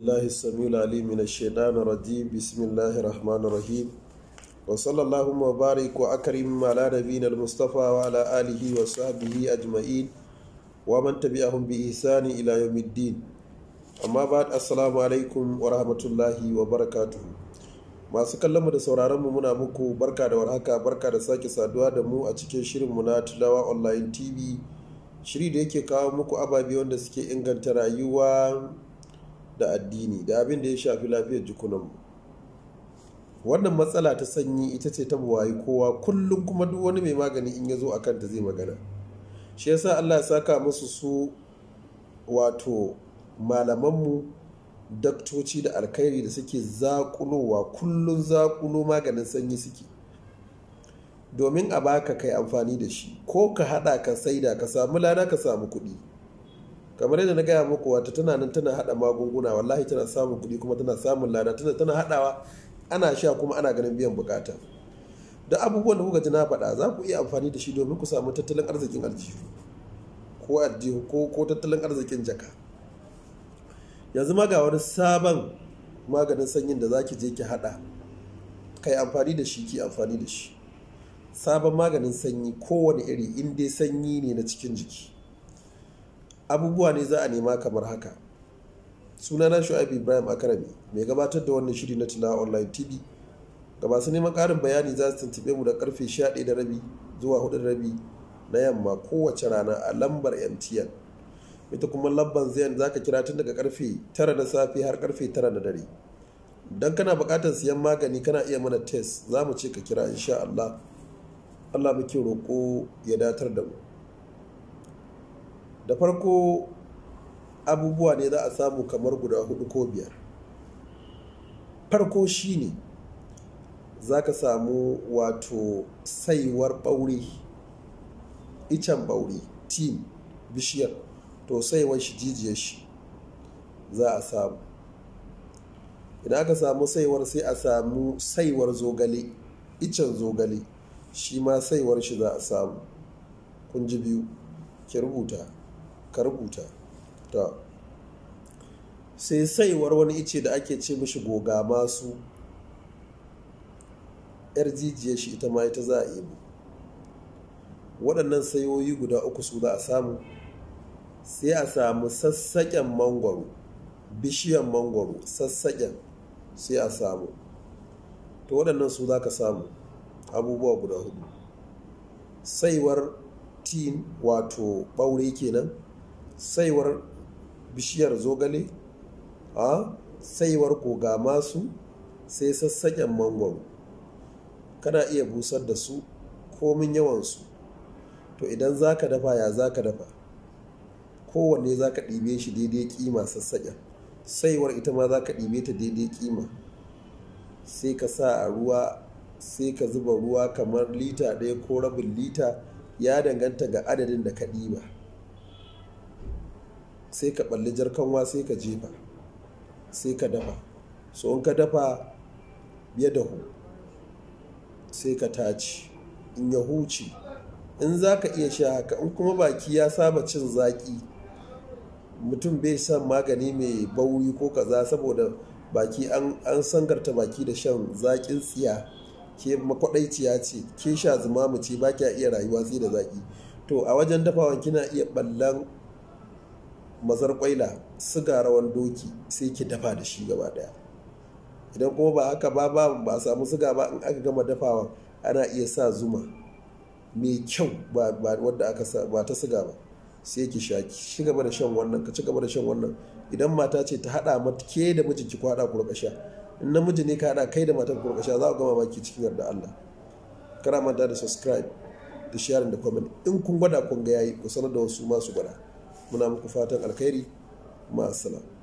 lahi na raji bismillahi rahman rahim wa sallallahu ma bari ku akari mala da na mustafa wa ala alihi wa sahabihi a juma'in wa manta bi ahun bi isa ni ilayen middin amma ba ta rahmatullahi wa barakatu masu kallonmu da mu muna muku barka da warhaka barka da sake saduwa da mu a cikin shirin mu na tulawa online tv shiri da yake kawo muku ababi wanda suke inganta rayuwa da addini da abin da ya shafi lafiyar jikunanmu wannan matsala ta sanyi ita ce ta buwayi kowa kullum kuma duk wani mai magani in ya zo a kanta zai magana shi yasa allah ya saka musu su wato malamanmu daktoci da alkhairi da suke zakunowa kullum zakulo maganin sanyi suke domin a baka kai amfani da shi ko ka hada ka saida ka samu lada ka samu kuɗi kamar yadda na gaya muku wata tana nan tana hada magunguna wallahi tana samun kuɗi kuma tana samun lada tana tana hadawa ana sha kuma ana ganin biyan bukata da abubuwan da kuka ji na faɗa za ku iya amfani da shi domin ku samu tattalin arzikin aljihu ko aljihu ko tattalin arzikin jaka yanzu ma ga wani sabon maganin sanyin da zaki je ki hada kai amfani da shi ki amfani da shi sabon maganin sanyi kowane iri in dai sanyi ne na cikin jiki abubuwa ne za a nema kamar haka sunana shu'aib ibrahim akarami mai gabatar da wannan shiri na tuna online tv ga masu neman karin bayani za su tuntube mu da karfe 11 da rabi zuwa 4 da rabi na yamma kowace rana a lambar mtn ita kuma lambar zayan za ka kira tun daga karfe 9 na safe har karfe 9 na dare don kana buƙatar siyan magani kana iya mana test za mu ce ka kira insha allah allah muke roƙo ya datar da mu da farko abubuwa ne za a samu kamar guda hudu ko biyar farko shine za ka samu wato saiwar ɓauri icen ɓauri tim bishiyar to saiwar shi jijiyar shi za a samu idan aka samu saiwar sai a samu saiwar zogale icen zogale shi ma saiwar shi za a samu kun ji biyu ki rubuta ka rubuta ta sai saiwar wani ice da ake ce mishi goga masu yar jijiyar shi ita ma ita za a yi waɗannan sayoyi guda uku su za a samu sai a samu sassaƙen mangwaro bishiyan mangwaro sassaƙen sai a samu ta waɗannan su za ka samu abubuwa guda hudu saiwar tin wato ɓaure kenan saiwar bishiyar zogale a saiwar koga masu sai sassaƙen mangwaro kana iya busar da su komin yawansu to idan za ka dafa ya za ka dafa kowanne za ka ɗibe shi daidai kima sassaƙen saiwar ita ma za ka ɗibe ta daidai kima sai ka sa a ruwa sai ka zuba ruwa kamar lita ɗaya ko rabin lita ya danganta ga adadin da ka ɗiba sai ka balli jarkanwa sai ka jefa sai ka dafa so in ka dafa ya dahu sai ka taci in ya huce in za ka iya sha haka in kuma baki ya saba cin zaƙi mutum bai san magani mai bauri ko kaza saboda baki an sangarta baki da shan zakin tsiya ke makwaɗaiciya ce ke sha zuma mace ba kya iya rayuwa sai da zaki to a wajen dafawan kina iya ballan mazar kwaila siga rawan doki sai ki dafa da shi gaba daya idan kuma ba haka ba ba ba samu siga ba in aka gama dafawa ana iya sa zuma mai kyau ba wadda aka sa ba ta siga ba sai ki sha ki ci gaba da shan wannan ka ci gaba da shan wannan idan mata ce ta hada mata ke da mijin ki kwada ku sha in namiji ne ka hada kai da matar ku sha za ku gama maki cikin yarda Allah kana manta da subscribe da sharing da comment in kun gwada kun ga yayi ku sanar da wasu masu gwada muna muku fatan alkhairi ma'assalam